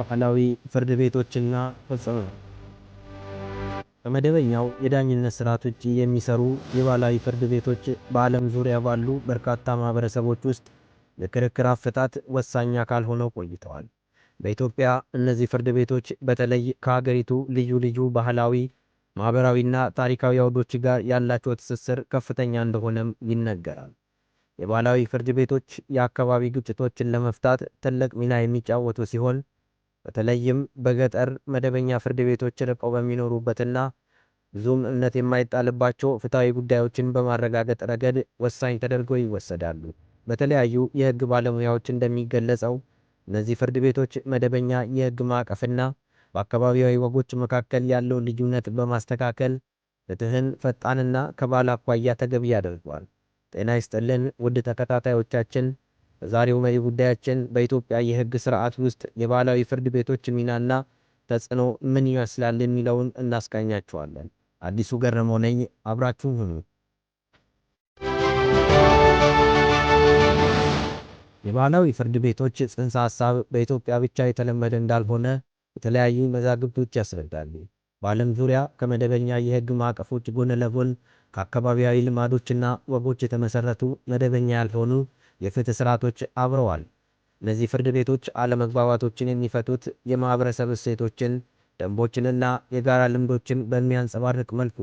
ባህላዊ ፍርድ ቤቶችና ተጽዕኖ በመደበኛው የዳኝነት ሥርዓት ውጪ የሚሰሩ የባህላዊ ፍርድ ቤቶች በዓለም ዙሪያ ባሉ በርካታ ማህበረሰቦች ውስጥ ለክርክር አፈታት ወሳኝ አካል ሆነው ቆይተዋል። በኢትዮጵያ እነዚህ ፍርድ ቤቶች በተለይ ከሀገሪቱ ልዩ ልዩ ባህላዊ፣ ማህበራዊና ታሪካዊ አውዶች ጋር ያላቸው ትስስር ከፍተኛ እንደሆነም ይነገራል። የባህላዊ ፍርድ ቤቶች የአካባቢ ግጭቶችን ለመፍታት ትልቅ ሚና የሚጫወቱ ሲሆን በተለይም በገጠር መደበኛ ፍርድ ቤቶች ርቀው በሚኖሩበትና ብዙም እምነት የማይጣልባቸው ፍትሐዊ ጉዳዮችን በማረጋገጥ ረገድ ወሳኝ ተደርገው ይወሰዳሉ። በተለያዩ የህግ ባለሙያዎች እንደሚገለጸው፣ እነዚህ ፍርድ ቤቶች መደበኛ የህግ ማዕቀፍና በአካባቢያዊ ወጎች መካከል ያለውን ልዩነት በማስተካከል ፍትህን ፈጣንና ከባህል አኳያ ተገቢ ያደርገዋል። ጤና ይስጥልን ውድ ተከታታዮቻችን በዛሬው መሪ ጉዳያችን በኢትዮጵያ የህግ ስርዓት ውስጥ የባህላዊ ፍርድ ቤቶች ሚናና ተጽዕኖ ምን ይመስላል የሚለውን እናስቃኛችኋለን። አዲሱ ገረመው ነኝ፣ አብራችሁ ሁኑ። የባህላዊ ፍርድ ቤቶች ጽንሰ ሐሳብ በኢትዮጵያ ብቻ የተለመደ እንዳልሆነ የተለያዩ መዛግብቶች ያስረዳሉ። በዓለም ዙሪያ ከመደበኛ የህግ ማዕቀፎች ጎን ለጎን ከአካባቢያዊ ልማዶችና ወጎች የተመሰረቱ መደበኛ ያልሆኑ የፍትህ ስርዓቶች አብረዋል። እነዚህ ፍርድ ቤቶች አለመግባባቶችን የሚፈቱት የማህበረሰብ እሴቶችን ደንቦችንና የጋራ ልምዶችን በሚያንጸባርቅ መልኩ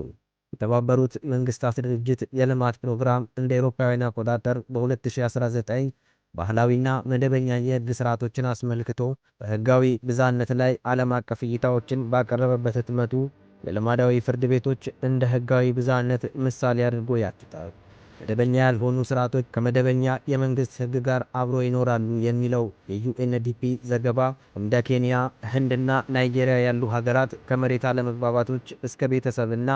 የተባበሩት መንግስታት ድርጅት የልማት ፕሮግራም እንደ አውሮፓውያን አቆጣጠር በ2019 ባህላዊና መደበኛ የህግ ስርዓቶችን አስመልክቶ በህጋዊ ብዛነት ላይ ዓለም አቀፍ እይታዎችን ባቀረበበት ህትመቱ የልማዳዊ ፍርድ ቤቶች እንደ ህጋዊ ብዛነት ምሳሌ አድርጎ ያትታል። መደበኛ ያልሆኑ ስርዓቶች ከመደበኛ የመንግሥት ሕግ ጋር አብረው ይኖራሉ የሚለው የዩኤንዲፒ ዘገባ እንደ ኬንያ፣ ህንድና ናይጄሪያ ያሉ ሀገራት ከመሬት አለመግባባቶች እስከ ቤተሰብና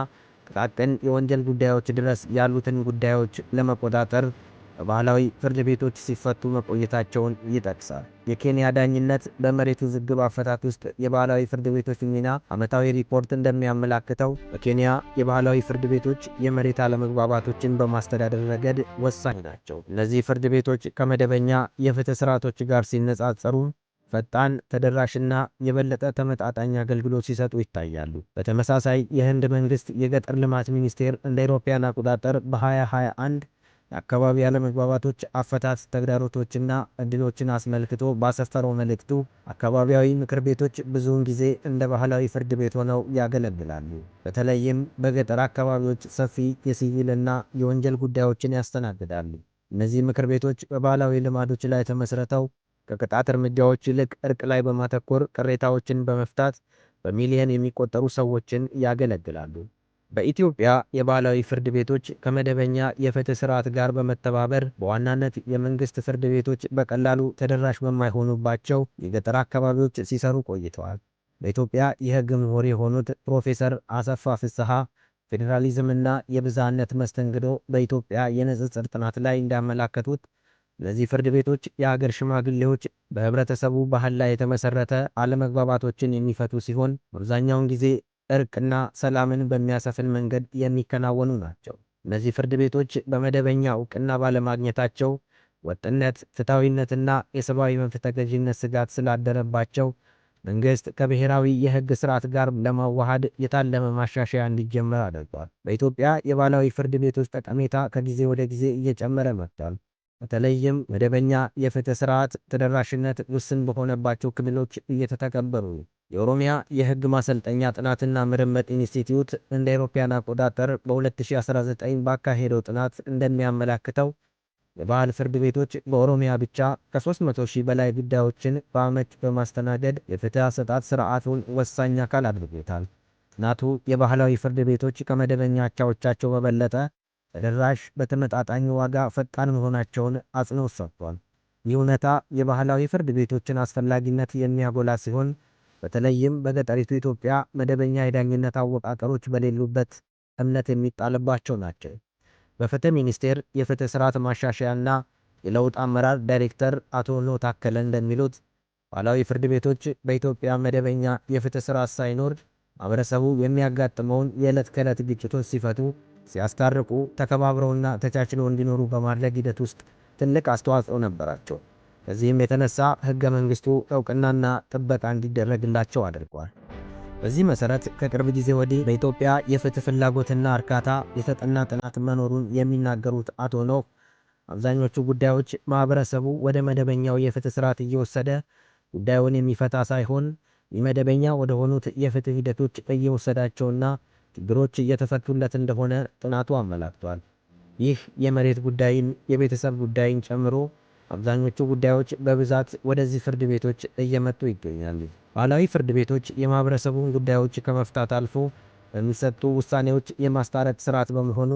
ጥቃቅን የወንጀል ጉዳዮች ድረስ ያሉትን ጉዳዮች ለመቆጣጠር ባህላዊ ፍርድ ቤቶች ሲፈቱ መቆየታቸውን ይጠቅሳል። የኬንያ ዳኝነት በመሬት ውዝግብ አፈታት ውስጥ የባህላዊ ፍርድ ቤቶች ሚና ዓመታዊ ሪፖርት እንደሚያመላክተው በኬንያ የባህላዊ ፍርድ ቤቶች የመሬት አለመግባባቶችን በማስተዳደር ረገድ ወሳኝ ናቸው። እነዚህ ፍርድ ቤቶች ከመደበኛ የፍትህ ስርዓቶች ጋር ሲነጻጸሩ ፈጣን ተደራሽና የበለጠ ተመጣጣኝ አገልግሎት ሲሰጡ ይታያሉ። በተመሳሳይ የህንድ መንግስት የገጠር ልማት ሚኒስቴር እንደ አውሮፓውያን አቆጣጠር በ2021 የአካባቢ አለመግባባቶች አፈታት ተግዳሮቶችና እድሎችን አስመልክቶ ባሰፈረው መልእክቱ አካባቢያዊ ምክር ቤቶች ብዙውን ጊዜ እንደ ባህላዊ ፍርድ ቤት ሆነው ያገለግላሉ። በተለይም በገጠር አካባቢዎች ሰፊ የሲቪልና የወንጀል ጉዳዮችን ያስተናግዳሉ። እነዚህ ምክር ቤቶች በባህላዊ ልማዶች ላይ ተመስርተው ከቅጣት እርምጃዎች ይልቅ እርቅ ላይ በማተኮር ቅሬታዎችን በመፍታት በሚሊዮን የሚቆጠሩ ሰዎችን ያገለግላሉ በኢትዮጵያ የባህላዊ ፍርድ ቤቶች ከመደበኛ የፍትህ ሥርዓት ጋር በመተባበር በዋናነት የመንግሥት ፍርድ ቤቶች በቀላሉ ተደራሽ በማይሆኑባቸው የገጠር አካባቢዎች ሲሰሩ ቆይተዋል። በኢትዮጵያ የህግ ምሁር የሆኑት ፕሮፌሰር አሰፋ ፍስሐ ፌዴራሊዝምና የብዝሃነት መስተንግዶ በኢትዮጵያ የንጽጽር ጥናት ላይ እንዳመላከቱት እነዚህ ፍርድ ቤቶች የአገር ሽማግሌዎች በህብረተሰቡ ባህል ላይ የተመሰረተ አለመግባባቶችን የሚፈቱ ሲሆን፣ አብዛኛውን ጊዜ እርቅና ሰላምን በሚያሰፍን መንገድ የሚከናወኑ ናቸው። እነዚህ ፍርድ ቤቶች በመደበኛ እውቅና ባለማግኘታቸው ወጥነት፣ ፍትሐዊነትና የሰብአዊ መብት ተገዥነት ስጋት ስላደረባቸው መንግሥት ከብሔራዊ የሕግ ሥርዓት ጋር ለማዋሃድ የታለመ ማሻሻያ እንዲጀመር አድርጓል። በኢትዮጵያ የባህላዊ ፍርድ ቤቶች ጠቀሜታ ከጊዜ ወደ ጊዜ እየጨመረ መጥቷል። በተለይም መደበኛ የፍትሕ ሥርዓት ተደራሽነት ውስን በሆነባቸው ክልሎች እየተተገበሩ የኦሮሚያ የሕግ ማሰልጠኛ ጥናትና ምርምር ኢንስቲትዩት እንደ አውሮፓውያን አቆጣጠር በ2019 ባካሄደው ጥናት እንደሚያመለክተው የባህል ፍርድ ቤቶች በኦሮሚያ ብቻ ከ300 ሺህ በላይ ጉዳዮችን በዓመት በማስተናገድ የፍትህ አሰጣጥ ስርዓቱን ወሳኝ አካል አድርጎታል። ጥናቱ የባህላዊ ፍርድ ቤቶች ከመደበኛ አቻዎቻቸው በበለጠ ተደራሽ፣ በተመጣጣኝ ዋጋ ፈጣን መሆናቸውን አጽንዖት ሰጥቷል። ይህ እውነታ የባህላዊ ፍርድ ቤቶችን አስፈላጊነት የሚያጎላ ሲሆን በተለይም በገጠሪቱ ኢትዮጵያ መደበኛ የዳኝነት አወቃቀሮች በሌሉበት እምነት የሚጣልባቸው ናቸው። በፍትህ ሚኒስቴር የፍትህ ስርዓት ማሻሻያና የለውጥ አመራር ዳይሬክተር አቶ ኖ ታከለ እንደሚሉት ባህላዊ ፍርድ ቤቶች በኢትዮጵያ መደበኛ የፍትህ ስርዓት ሳይኖር ማህበረሰቡ የሚያጋጥመውን የዕለት ከዕለት ግጭቶች ሲፈቱ፣ ሲያስታርቁ፣ ተከባብረውና ተቻችለው እንዲኖሩ በማድረግ ሂደት ውስጥ ትልቅ አስተዋጽኦ ነበራቸው። ከዚህም የተነሳ ሕገ መንግሥቱ ዕውቅናና ጥበቃ እንዲደረግላቸው አድርጓል። በዚህ መሠረት ከቅርብ ጊዜ ወዲህ በኢትዮጵያ የፍትሕ ፍላጎትና እርካታ የተጠና ጥናት መኖሩን የሚናገሩት አቶ ነው። አብዛኞቹ ጉዳዮች ማኅበረሰቡ ወደ መደበኛው የፍትሕ ሥርዓት እየወሰደ ጉዳዩን የሚፈታ ሳይሆን የመደበኛ ወደ ወደሆኑት የፍትሕ ሂደቶች እየወሰዳቸውና ችግሮች እየተፈቱለት እንደሆነ ጥናቱ አመላክቷል። ይህ የመሬት ጉዳይን የቤተሰብ ጉዳይን ጨምሮ አብዛኞቹ ጉዳዮች በብዛት ወደዚህ ፍርድ ቤቶች እየመጡ ይገኛሉ። ባህላዊ ፍርድ ቤቶች የማህበረሰቡን ጉዳዮች ከመፍታት አልፎ በሚሰጡ ውሳኔዎች የማስታረቅ ስርዓት በመሆኑ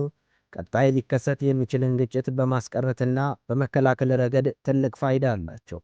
ቀጣይ ሊከሰት የሚችልን ግጭት በማስቀረትና በመከላከል ረገድ ትልቅ ፋይዳ አላቸው።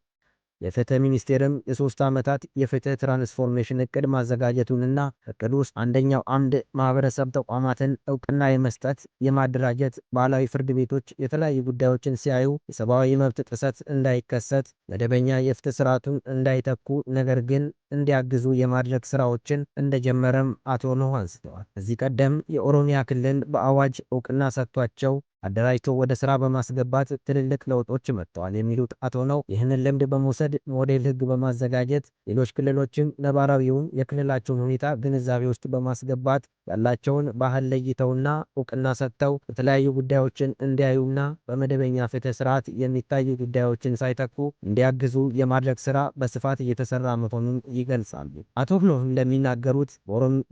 የፍትህ ሚኒስቴርም የሶስት ዓመታት የፍትህ ትራንስፎርሜሽን እቅድ ማዘጋጀቱንና እቅድ ውስጥ አንደኛው አምድ ማህበረሰብ ተቋማትን እውቅና የመስጠት የማደራጀት ባህላዊ ፍርድ ቤቶች የተለያዩ ጉዳዮችን ሲያዩ የሰብአዊ መብት ጥሰት እንዳይከሰት መደበኛ የፍትህ ስርዓቱን እንዳይተኩ ነገር ግን እንዲያግዙ የማድረግ ስራዎችን እንደጀመረም አቶ ኖህ አንስተዋል። ከዚህ ቀደም የኦሮሚያ ክልል በአዋጅ እውቅና ሰጥቷቸው አደራጅቶ ወደ ስራ በማስገባት ትልልቅ ለውጦች መጥተዋል የሚሉት አቶ ነው። ይህንን ልምድ በመውሰድ ሞዴል ህግ በማዘጋጀት ሌሎች ክልሎችም ነባራዊውን የክልላቸውን ሁኔታ ግንዛቤ ውስጥ በማስገባት ያላቸውን ባህል ለይተውና እውቅና ሰጥተው የተለያዩ ጉዳዮችን እንዲያዩና በመደበኛ ፍትህ ስርዓት የሚታዩ ጉዳዮችን ሳይተኩ እንዲያግዙ የማድረግ ስራ በስፋት እየተሰራ መሆኑን ይገልጻሉ። አቶ ኖህ እንደሚናገሩት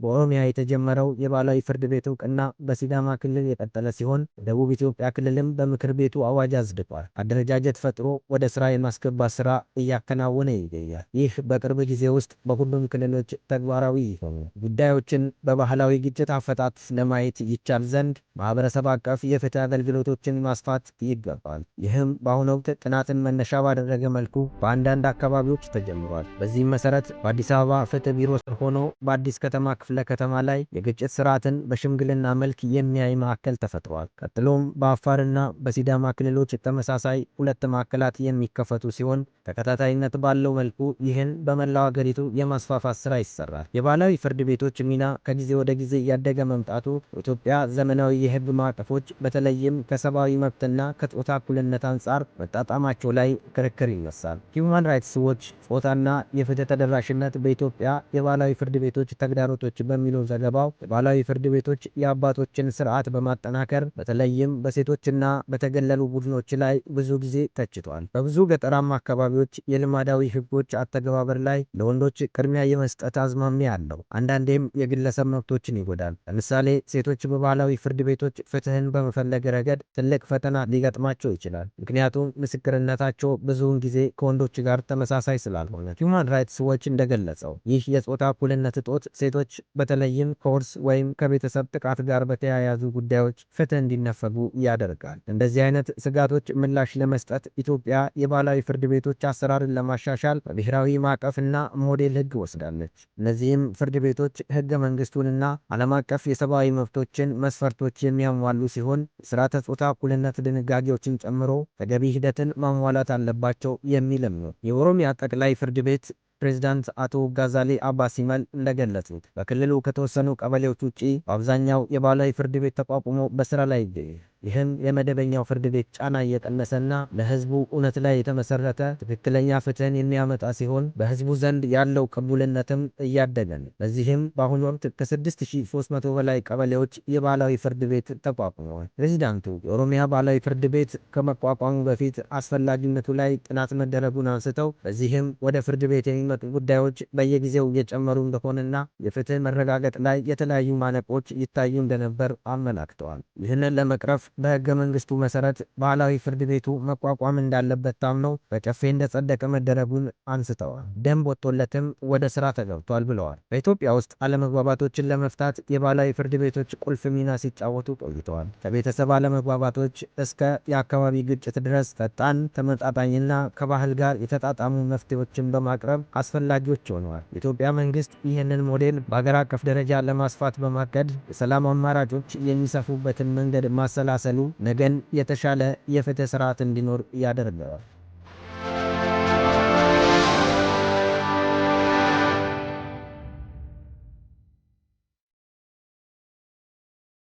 በኦሮሚያ የተጀመረው የባህላዊ ፍርድ ቤት እውቅና በሲዳማ ክልል የቀጠለ ሲሆን ደቡብ የኢትዮጵያ ክልልም በምክር ቤቱ አዋጅ አጽድቋል። አደረጃጀት ፈጥሮ ወደ ስራ የማስገባት ስራ እያከናወነ ይገኛል። ይህ በቅርብ ጊዜ ውስጥ በሁሉም ክልሎች ተግባራዊ ይሆኑ ጉዳዮችን በባህላዊ ግጭት አፈታት ለማየት ይቻል ዘንድ ማህበረሰብ አቀፍ የፍትህ አገልግሎቶችን ማስፋት ይገባል። ይህም በአሁኑ ወቅት ጥናትን መነሻ ባደረገ መልኩ በአንዳንድ አካባቢዎች ተጀምሯል። በዚህም መሰረት በአዲስ አበባ ፍትህ ቢሮ ስር ሆኖ በአዲስ ከተማ ክፍለ ከተማ ላይ የግጭት ስርዓትን በሽምግልና መልክ የሚያይ ማዕከል ተፈጥሯል። ቀጥሎም በአፋርና በሲዳማ ክልሎች ተመሳሳይ ሁለት ማዕከላት የሚከፈቱ ሲሆን ተከታታይነት ባለው መልኩ ይህን በመላው አገሪቱ የማስፋፋት ስራ ይሰራል። የባህላዊ ፍርድ ቤቶች ሚና ከጊዜ ወደ ጊዜ እያደገ መምጣቱ ኢትዮጵያ ዘመናዊ የሕግ ማዕቀፎች በተለይም ከሰብአዊ መብትና ከጾታ እኩልነት አንጻር መጣጣማቸው ላይ ክርክር ይነሳል። ሂውማን ራይትስ ዎች ጾታና የፍትህ ተደራሽነት በኢትዮጵያ የባህላዊ ፍርድ ቤቶች ተግዳሮቶች በሚለው ዘገባው የባህላዊ ፍርድ ቤቶች የአባቶችን ስርዓት በማጠናከር በተለይም በሴቶችና በተገለሉ ቡድኖች ላይ ብዙ ጊዜ ተችቷል። በብዙ ገጠራማ አካባቢዎች የልማዳዊ ሕጎች አተገባበር ላይ ለወንዶች ቅድሚያ የመስጠት አዝማሚያ አለው። አንዳንዴም የግለሰብ መብቶችን ይጎዳል። ለምሳሌ ሴቶች በባህላዊ ፍርድ ቤቶች ፍትህን በመፈለግ ረገድ ትልቅ ፈተና ሊገጥማቸው ይችላል፣ ምክንያቱም ምስክርነታቸው ብዙውን ጊዜ ከወንዶች ጋር ተመሳሳይ ስላልሆነ። ሁማን ራይትስ ዎች እንደገለጸው ይህ የጾታ እኩልነት እጦት ሴቶች በተለይም ከውርስ ወይም ከቤተሰብ ጥቃት ጋር በተያያዙ ጉዳዮች ፍትህ እንዲነፈጉ ያደርጋል። እንደዚህ አይነት ስጋቶች ምላሽ ለመስጠት ኢትዮጵያ የባህላዊ ፍርድ ቤቶች አሰራርን ለማሻሻል በብሔራዊ ማዕቀፍና ሞዴል ህግ ወስዳለች። እነዚህም ፍርድ ቤቶች ህገ መንግስቱንና ዓለም አቀፍ የሰብአዊ መብቶችን መስፈርቶች የሚያሟሉ ሲሆን የስርዓተ ጾታ እኩልነት ድንጋጌዎችን ጨምሮ ተገቢ ሂደትን ማሟላት አለባቸው የሚልም ነው። የኦሮሚያ ጠቅላይ ፍርድ ቤት ፕሬዚዳንት አቶ ጋዛሌ አባ ሲመል እንደገለጹት በክልሉ ከተወሰኑ ቀበሌዎች ውጪ በአብዛኛው የባህላዊ ፍርድ ቤት ተቋቁሞ በስራ ላይ ይገኛል። ይህም የመደበኛው ፍርድ ቤት ጫና እየቀነሰና በህዝቡ እውነት ላይ የተመሰረተ ትክክለኛ ፍትህን የሚያመጣ ሲሆን በህዝቡ ዘንድ ያለው ቅቡልነትም እያደገ ነው። በዚህም በአሁኑ ወቅት ከ6300 በላይ ቀበሌዎች የባህላዊ ፍርድ ቤት ተቋቁመዋል። ፕሬዚዳንቱ የኦሮሚያ ባህላዊ ፍርድ ቤት ከመቋቋሙ በፊት አስፈላጊነቱ ላይ ጥናት መደረጉን አንስተው በዚህም ወደ ፍርድ ቤት የሚመጡ ጉዳዮች በየጊዜው እየጨመሩ እንደሆነና የፍትህ መረጋገጥ ላይ የተለያዩ ማነቆች ይታዩ እንደነበር አመላክተዋል። ይህንን ለመቅረፍ በህገ መንግስቱ መሰረት ባህላዊ ፍርድ ቤቱ መቋቋም እንዳለበት ታምነው በጨፌ እንደጸደቀ መደረጉን አንስተዋል። ደንብ ወጥቶለትም ወደ ስራ ተገብቷል ብለዋል። በኢትዮጵያ ውስጥ አለመግባባቶችን ለመፍታት የባህላዊ ፍርድ ቤቶች ቁልፍ ሚና ሲጫወቱ ቆይተዋል። ከቤተሰብ አለመግባባቶች እስከ የአካባቢ ግጭት ድረስ ፈጣን፣ ተመጣጣኝና ከባህል ጋር የተጣጣሙ መፍትሄዎችን በማቅረብ አስፈላጊዎች ሆነዋል። የኢትዮጵያ መንግስት ይህንን ሞዴል በሀገር አቀፍ ደረጃ ለማስፋት በማቀድ የሰላም አማራጮች የሚሰፉበትን መንገድ ማሰላ መመሳሰሉ ነገን የተሻለ የፍትህ ስርዓት እንዲኖር ያደርገዋል።